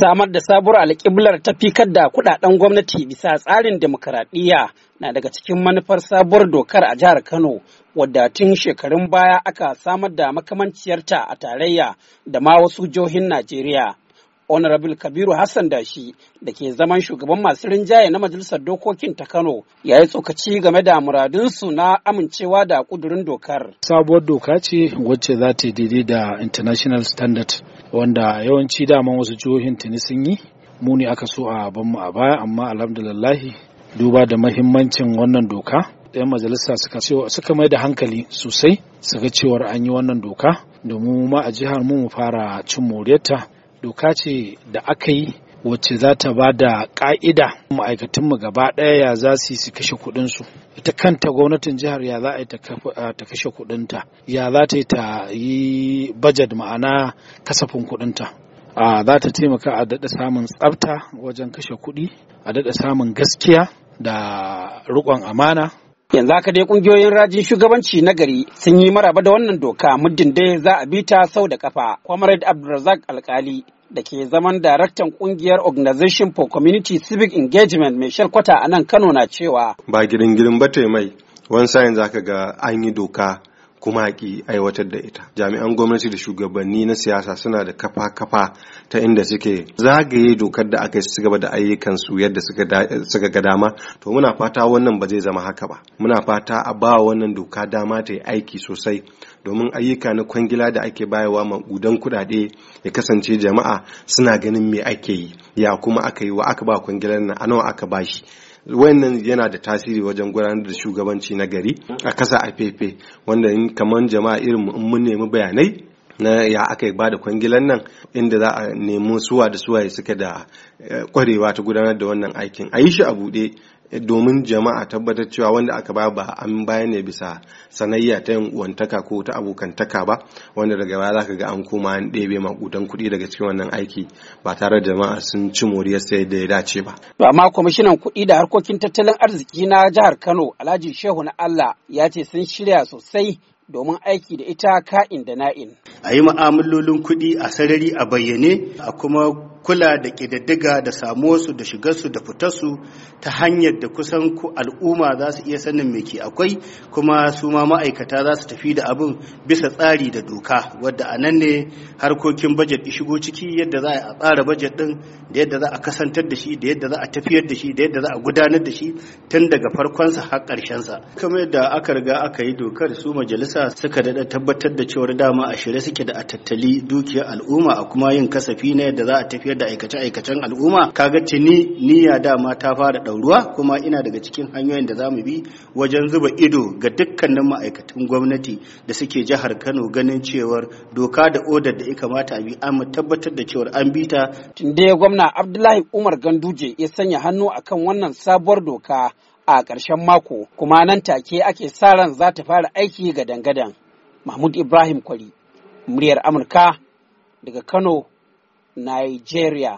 samar da sabuwar alƙiblar tafikar da kudaden gwamnati bisa tsarin demokaradiyya na daga cikin manufar sabuwar dokar a jihar Kano wadda tun shekarun baya aka samar da makamanciyarta a tarayya da ma wasu jihohin Najeriya. Honorable Kabiru Hassan Dashi da ke zaman shugaban masu rinjaye na Majalisar Dokokin ta Kano ya yi tsokaci game da muradinsu na amincewa da kudurin dokar. Sabuwar doka ce wacce za ta daidai da international standard wanda yawanci daman wasu jihohin tuni sun yi mu ne aka so a ban mu a baya amma alhamdulillahi duba da mahimmancin wannan doka 'yan majalisa suka mai da hankali sosai suka cewar an yi wannan doka domin ma a jihar mu mu fara cin moriyarta doka ce da aka yi wacce za ta ba da ƙa'ida ma'aikatanmu gaba ɗaya ya za su su kashe kuɗinsu ita kanta gwamnatin jihar ya za a yi ta kashe kuɗinta ya za ta yi ta yi bajet ma'ana kasafin kuɗinta a za ta taimaka a daɗa samun tsafta wajen kashe kuɗi a daɗa samun gaskiya da riƙon amana yanzu haka dai kungiyoyin rajin shugabanci na gari sun yi maraba da wannan doka muddin dai za a bi ta sau da kafa comrade abdulrazak alkali da ke zaman daraktan kungiyar organization for community civic engagement mai shalkwata a nan kano na cewa ba girin girin ba mai wani sa'in za ga an yi doka kuma ki aiwatar da ita jami'an gwamnati da shugabanni na siyasa suna da kafa-kafa ta inda suke zagaye dokar da aka yi su gaba da ayyukan su yadda suka ga dama to muna fata wannan ba zai zama haka ba muna fata a ba wannan doka dama ta yi aiki sosai domin ayyuka na kwangila da ake bayarwa gudan kudade ya kasance jama'a suna ganin me ake yi ya kuma aka yi wa aka ba kwangilar nan a nawa aka bashi Wannan yana da tasiri wajen gudanar da shugabanci na gari a kasa a fefe wanda in kamar jama'a irin in mun nemi bayanai na ya aka yi bada kwangilan nan inda za a nemi suwa da suwaye suka da eh, kwarewa ta gudanar da wannan aikin a yi shi a buɗe domin jama'a tabbatar cewa wanda aka ba ba an bayan ne bisa sanayya ta yin uwantaka ko ta abokantaka ba wanda daga baya ka ga an koma an ɗebe makudan kuɗi daga cikin wannan aiki ba tare da jama'a sun ci moriyar sai da ya dace ba. To amma kwamishinan kuɗi da harkokin tattalin arziki na jihar Kano Alhaji Shehu na Allah ya ce sun shirya sosai domin aiki da ita ka'in da na'in. A yi ma'amalolin kuɗi a sarari a bayyane a kuma kula da ƙididdiga da samuwarsu da shigarsu da fitarsu ta hanyar da kusan al'umma za su iya sanin me ke akwai kuma su ma ma'aikata za su tafi da abin bisa tsari da doka wadda a nan ne harkokin bajet shigo ciki yadda za a tsara bajet ɗin da yadda za a kasantar da shi da yadda za a tafiyar da shi da yadda za a gudanar da shi tun daga farkonsa har ƙarshensa kamar yadda aka riga aka yi dokar su majalisa suka daɗa tabbatar da cewar dama a shirye suke da a tattali dukiyar al'umma a kuma yin kasafi na yadda za a tafi tafiyar da aikace-aikacen al'umma kaga tuni niyya dama ta fara ɗauruwa kuma ina daga cikin hanyoyin da za mu bi wajen zuba ido ga dukkanin ma'aikatan gwamnati da suke jihar Kano ganin cewar doka da odar da ya kamata a bi an tabbatar da cewar an bi ta. Tunde gwamna Abdullahi Umar Ganduje ya sanya hannu akan wannan sabuwar doka a ƙarshen mako kuma nan take ake sa ran za ta fara aiki ga dangadan. Mahmud Ibrahim Kwari, muryar Amurka daga Kano, Nigeria